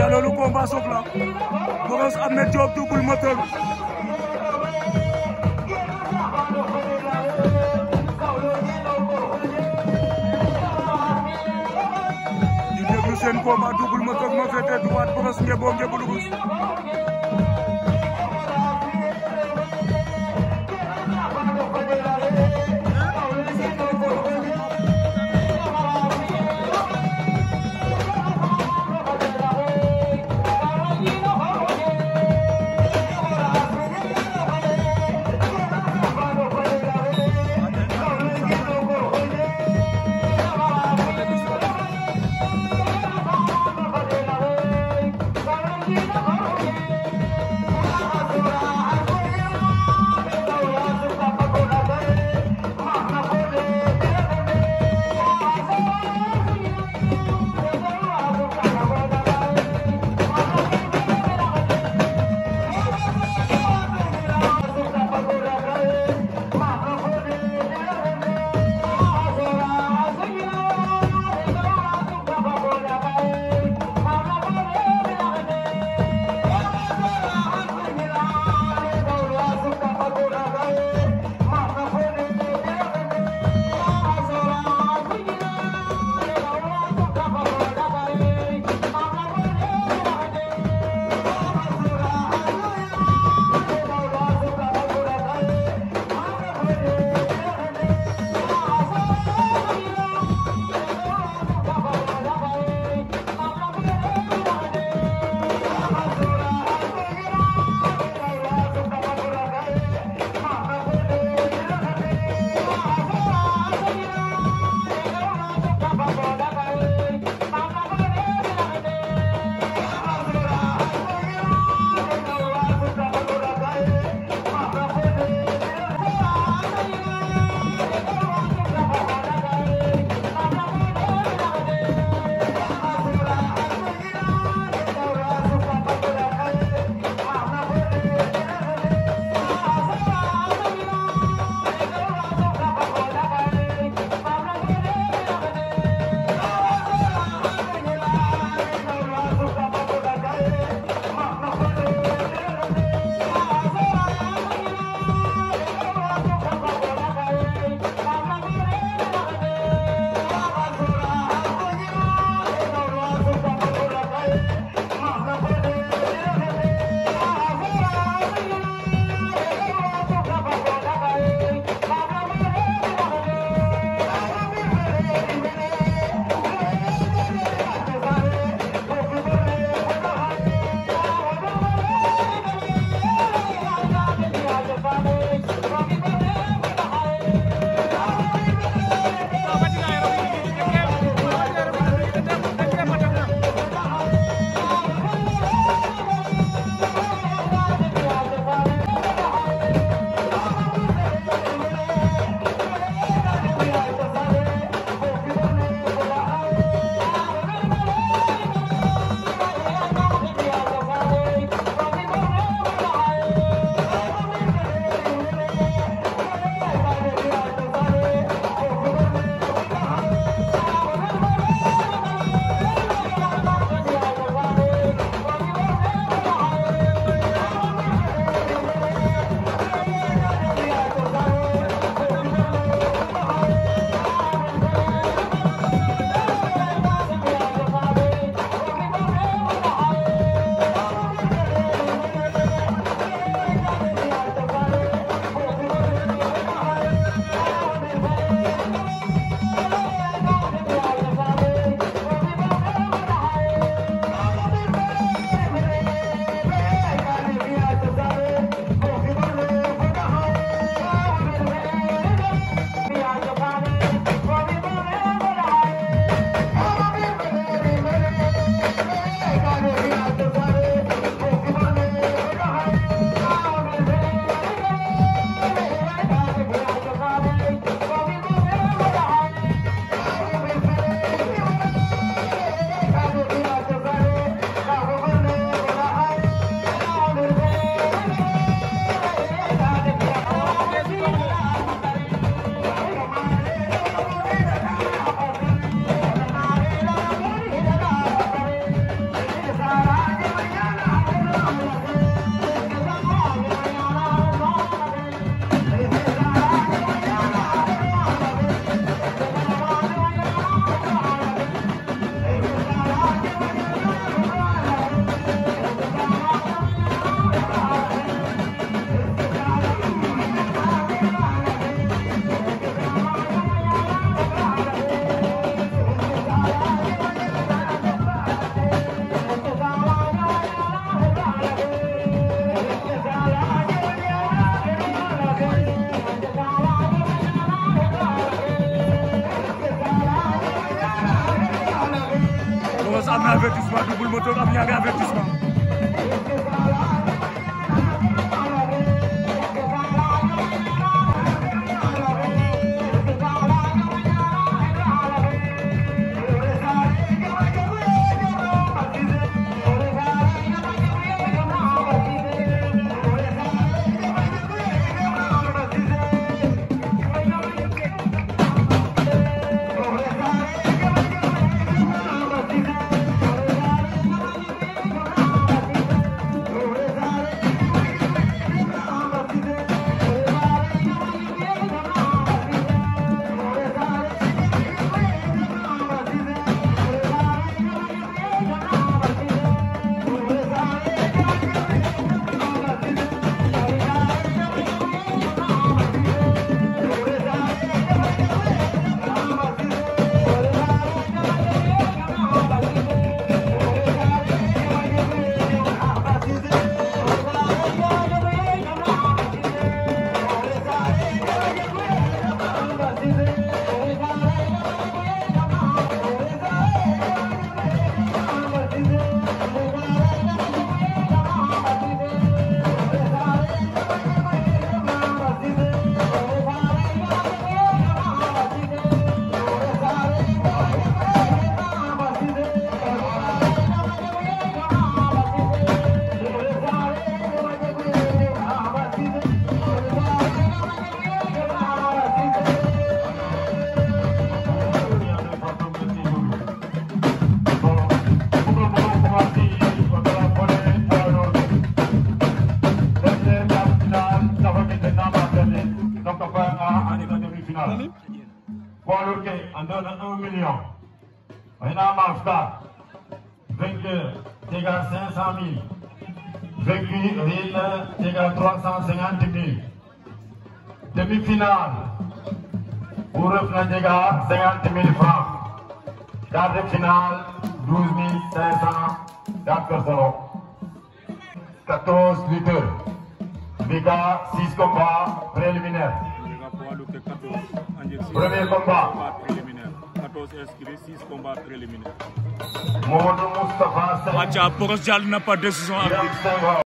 aca loolu combat soog la Brosse Ahmed Diop Double Moteur di déglu seen combat Double Moteur moo féete droite Brosse ngebo ngebu Thank you. avertissement double moteur avec un avertissement 29 millions. million. Maintenant, Mafta, vainqueur, dégâts 500 000. Vaincu, Rille, dégâts 350 000. Demi-finale, Ourefna, dégâts 50 000 francs. Quart finale, 12 500 personnes. 14 lutteurs. Mega 6 combats préliminaires. Premier combat. todos inscritos combats préliminaires. Acha, Boros Diallo n'a pas de décision à